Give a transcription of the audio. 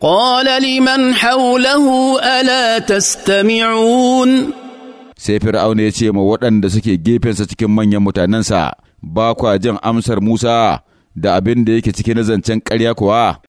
قال لمن حوله ألا تستمعون sai fir'auna ya ce ma waɗanda suke gefensa cikin manyan mutanensa ba kwa jin amsar Musa da abin da yake cikin zancen ƙarya kuwa